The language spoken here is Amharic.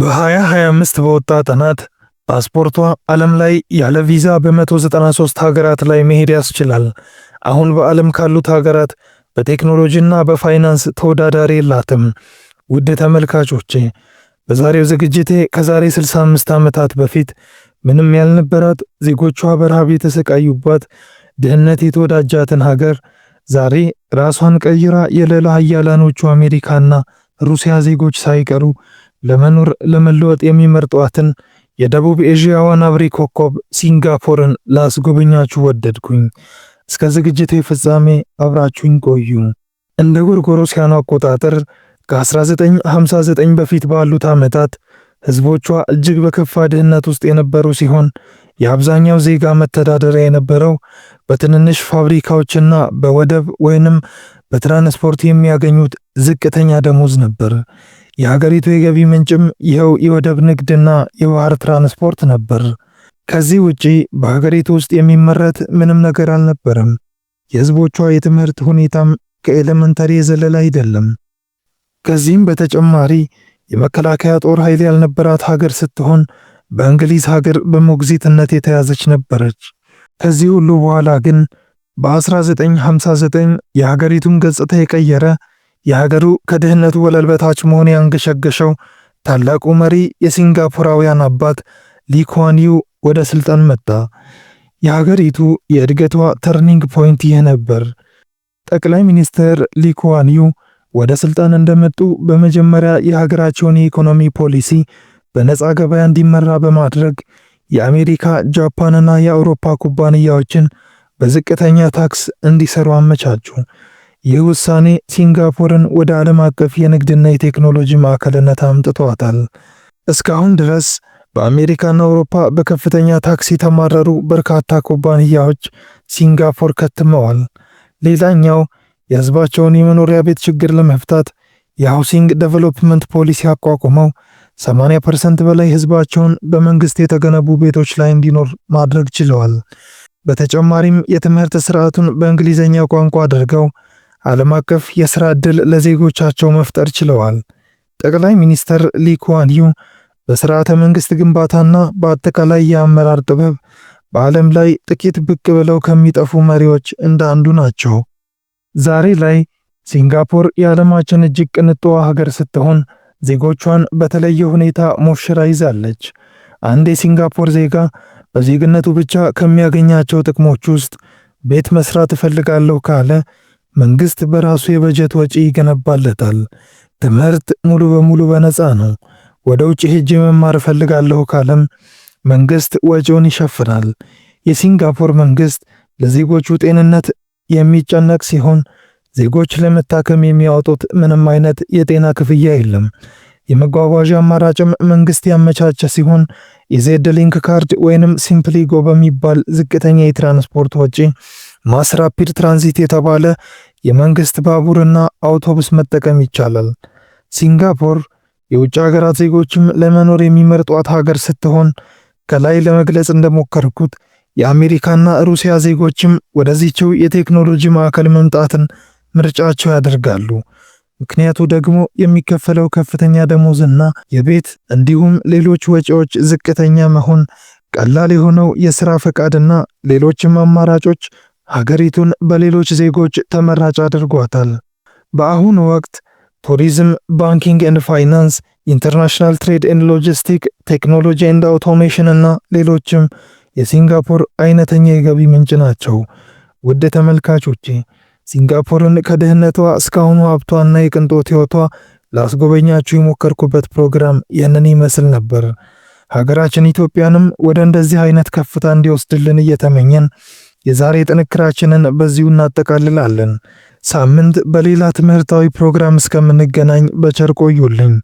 በ2025 በወጣ ጥናት ፓስፖርቷ ዓለም ላይ ያለ ቪዛ በ193 ሀገራት ላይ መሄድ ያስችላል። አሁን በዓለም ካሉት ሀገራት በቴክኖሎጂና በፋይናንስ ተወዳዳሪ የላትም። ውድ ተመልካቾቼ በዛሬው ዝግጅቴ ከዛሬ 65 ዓመታት በፊት ምንም ያልነበራት ዜጎቿ በረሃብ የተሰቃዩባት ድህነት የተወዳጃትን ሀገር ዛሬ ራሷን ቀይራ የሌላ ሀያላኖቹ አሜሪካና ሩሲያ ዜጎች ሳይቀሩ ለመኖር ለመለወጥ የሚመርጧትን የደቡብ ኤዥያዋን አብሪ ኮከብ ሲንጋፖርን ላስጎበኛችሁ ወደድኩኝ። እስከ ዝግጅቴ ፍጻሜ አብራችሁኝ ቆዩ። እንደ ጎርጎሮሳውያኑ አቆጣጠር ከ1959 በፊት ባሉት ዓመታት ህዝቦቿ እጅግ በከፋ ድህነት ውስጥ የነበሩ ሲሆን የአብዛኛው ዜጋ መተዳደሪያ የነበረው በትንንሽ ፋብሪካዎችና በወደብ ወይንም በትራንስፖርት የሚያገኙት ዝቅተኛ ደሞዝ ነበር። የሀገሪቱ የገቢ ምንጭም ይኸው የወደብ ንግድና የባህር ትራንስፖርት ነበር። ከዚህ ውጪ በሀገሪቱ ውስጥ የሚመረት ምንም ነገር አልነበረም። የህዝቦቿ የትምህርት ሁኔታም ከኤሌመንተሪ የዘለለ አይደለም። ከዚህም በተጨማሪ የመከላከያ ጦር ኃይል ያልነበራት ሀገር ስትሆን በእንግሊዝ ሀገር በሞግዚትነት የተያዘች ነበረች። ከዚህ ሁሉ በኋላ ግን በ1959 የሀገሪቱን ገጽታ የቀየረ የሀገሩ ከድህነቱ ወለል በታች መሆን ያንገሸገሸው ታላቁ መሪ የሲንጋፖራውያን አባት ሊኳንዩ ወደ ስልጣን መጣ። የሀገሪቱ የእድገቷ ተርኒንግ ፖይንት ይህ ነበር። ጠቅላይ ሚኒስትር ሊኳንዩ ወደ ስልጣን እንደመጡ በመጀመሪያ የሀገራቸውን የኢኮኖሚ ፖሊሲ በነፃ ገበያ እንዲመራ በማድረግ የአሜሪካ ጃፓንና የአውሮፓ ኩባንያዎችን በዝቅተኛ ታክስ እንዲሰሩ አመቻቹ። ይህ ውሳኔ ሲንጋፖርን ወደ ዓለም አቀፍ የንግድና የቴክኖሎጂ ማዕከልነት አምጥቷታል። እስካሁን ድረስ በአሜሪካና አውሮፓ በከፍተኛ ታክስ የተማረሩ በርካታ ኩባንያዎች ሲንጋፖር ከትመዋል። ሌላኛው የሕዝባቸውን የመኖሪያ ቤት ችግር ለመፍታት የሃውሲንግ ዴቨሎፕመንት ፖሊሲ አቋቁመው 80% በላይ ሕዝባቸውን በመንግስት የተገነቡ ቤቶች ላይ እንዲኖር ማድረግ ችለዋል። በተጨማሪም የትምህርት ስርዓቱን በእንግሊዝኛ ቋንቋ አድርገው ዓለም አቀፍ የሥራ ዕድል ለዜጎቻቸው መፍጠር ችለዋል። ጠቅላይ ሚኒስትር ሊ በሥርዓተ መንግሥት ግንባታና በአጠቃላይ የአመራር ጥበብ በዓለም ላይ ጥቂት ብቅ ብለው ከሚጠፉ መሪዎች እንደ አንዱ ናቸው። ዛሬ ላይ ሲንጋፖር የዓለማችን እጅግ ቅንጡ ሀገር ስትሆን ዜጎቿን በተለየ ሁኔታ ሞሽራ ይዛለች። አንድ የሲንጋፖር ዜጋ በዜግነቱ ብቻ ከሚያገኛቸው ጥቅሞች ውስጥ ቤት መስራት እፈልጋለሁ ካለ መንግስት በራሱ የበጀት ወጪ ይገነባለታል። ትምህርት ሙሉ በሙሉ በነፃ ነው። ወደ ውጭ ሄጄ መማር እፈልጋለሁ ካለም መንግስት ወጪውን ይሸፍናል። የሲንጋፖር መንግስት ለዜጎቹ ጤንነት የሚጨነቅ ሲሆን ዜጎች ለመታከም የሚያወጡት ምንም አይነት የጤና ክፍያ የለም። የመጓጓዣ አማራጭም መንግስት ያመቻቸ ሲሆን የዜድ ሊንክ ካርድ ወይንም ሲምፕሊጎ በሚባል ዝቅተኛ የትራንስፖርት ወጪ ማስ ራፒድ ትራንዚት የተባለ የመንግስት ባቡርና አውቶቡስ መጠቀም ይቻላል። ሲንጋፖር የውጭ ሀገራት ዜጎችም ለመኖር የሚመርጧት ሀገር ስትሆን ከላይ ለመግለጽ እንደሞከርኩት የአሜሪካና ሩሲያ ዜጎችም ወደዚችው የቴክኖሎጂ ማዕከል መምጣትን ምርጫቸው ያደርጋሉ። ምክንያቱ ደግሞ የሚከፈለው ከፍተኛ ደሞዝና የቤት እንዲሁም ሌሎች ወጪዎች ዝቅተኛ መሆን፣ ቀላል የሆነው የሥራ ፈቃድና ሌሎችም አማራጮች ሀገሪቱን በሌሎች ዜጎች ተመራጭ አድርጓታል። በአሁኑ ወቅት ቱሪዝም፣ ባንኪንግ ኤንድ ፋይናንስ፣ ኢንተርናሽናል ትሬድ ኤንድ ሎጂስቲክ፣ ቴክኖሎጂ ኤንድ አውቶሜሽን እና ሌሎችም የሲንጋፖር አይነተኛ የገቢ ምንጭ ናቸው። ውድ ተመልካቾቼ ሲንጋፖርን ከድህነቷ እስካሁኑ ሀብቷና የቅንጦት ህይወቷ ላስጎበኛችሁ የሞከርኩበት ፕሮግራም ይህንን ይመስል ነበር። ሀገራችን ኢትዮጵያንም ወደ እንደዚህ አይነት ከፍታ እንዲወስድልን እየተመኘን የዛሬ ጥንክራችንን በዚሁ እናጠቃልላለን። ሳምንት በሌላ ትምህርታዊ ፕሮግራም እስከምንገናኝ በቸር ቆዩልኝ።